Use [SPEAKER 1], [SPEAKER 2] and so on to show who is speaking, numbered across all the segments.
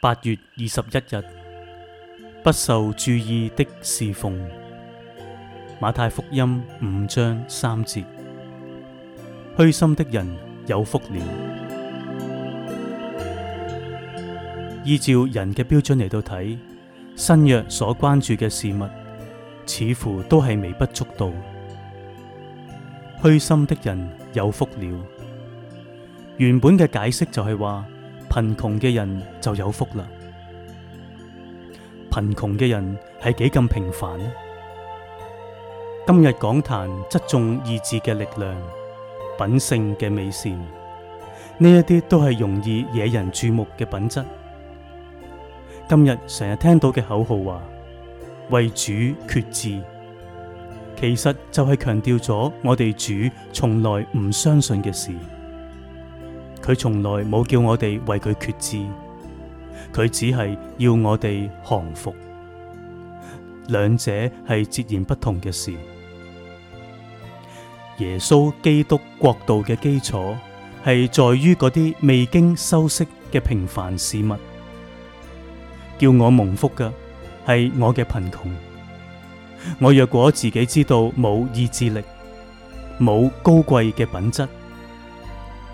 [SPEAKER 1] 八月二十一日，不受注意的事奉。馬太福音五章三節，虛心的人有福了。依照人嘅標準嚟到睇，新約所關注嘅事物，似乎都係微不足道。虛心的人有福了。原本嘅解釋就係話。貧窮嘅人就有福啦。貧窮嘅人係幾咁平凡呢？今日講壇側重意志嘅力量、品性嘅美善，呢一啲都係容易惹人注目嘅品質。今日成日聽到嘅口號話為主決志，其實就係強調咗我哋主從來唔相信嘅事。佢從來冇叫我哋為佢決志，佢只係要我哋降服，兩者係截然不同嘅事。耶穌基督國度嘅基礎係在於嗰啲未經修飾嘅平凡事物。叫我蒙福嘅係我嘅貧窮。我若果自己知道冇意志力、冇高貴嘅品質。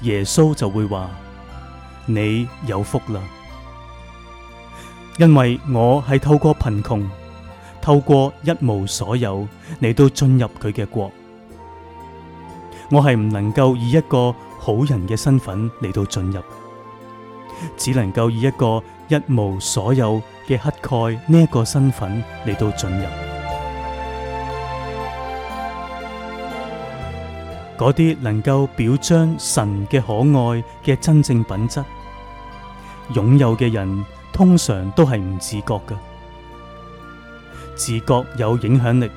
[SPEAKER 1] 耶穌就會話：你有福啦，因為我係透過貧窮，透過一無所有，嚟到進入佢嘅國。我係唔能夠以一個好人嘅身份嚟到進入，只能夠以一個一無所有嘅乞丐呢一個身份嚟到進入。嗰啲能夠表彰神嘅可愛嘅真正品質，擁有嘅人通常都係唔自覺嘅，自覺有影響力，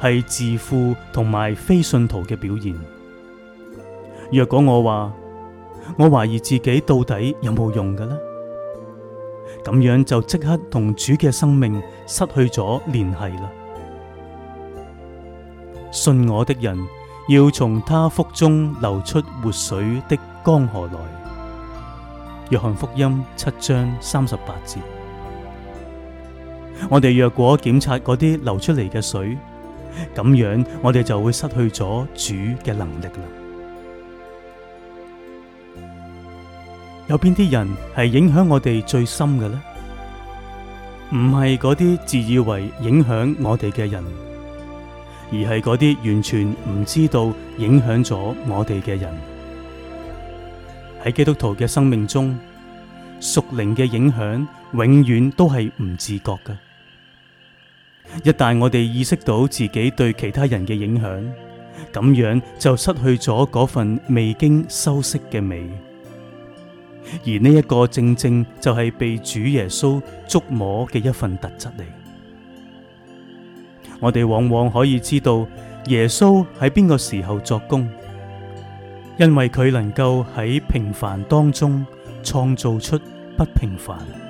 [SPEAKER 1] 係自負同埋非信徒嘅表現。若果我話，我懷疑自己到底有冇用㗎呢？咁樣就即刻同主嘅生命失去咗聯繫啦。信我的人。要從他腹中流出活水的江河來。約翰福音七章三十八節。我哋若果檢查嗰啲流出嚟嘅水，咁樣我哋就會失去咗主嘅能力啦。有邊啲人係影響我哋最深嘅呢？唔係嗰啲自以為影響我哋嘅人。而係嗰啲完全唔知道影響咗我哋嘅人，喺基督徒嘅生命中，屬靈嘅影響永遠都係唔自覺嘅。一旦我哋意識到自己對其他人嘅影響，咁樣就失去咗嗰份未經修飾嘅美。而呢一個正正就係被主耶穌捉摸嘅一份特質嚟。我哋往往可以知道耶穌喺邊個時候作工，因為佢能夠喺平凡當中創造出不平凡。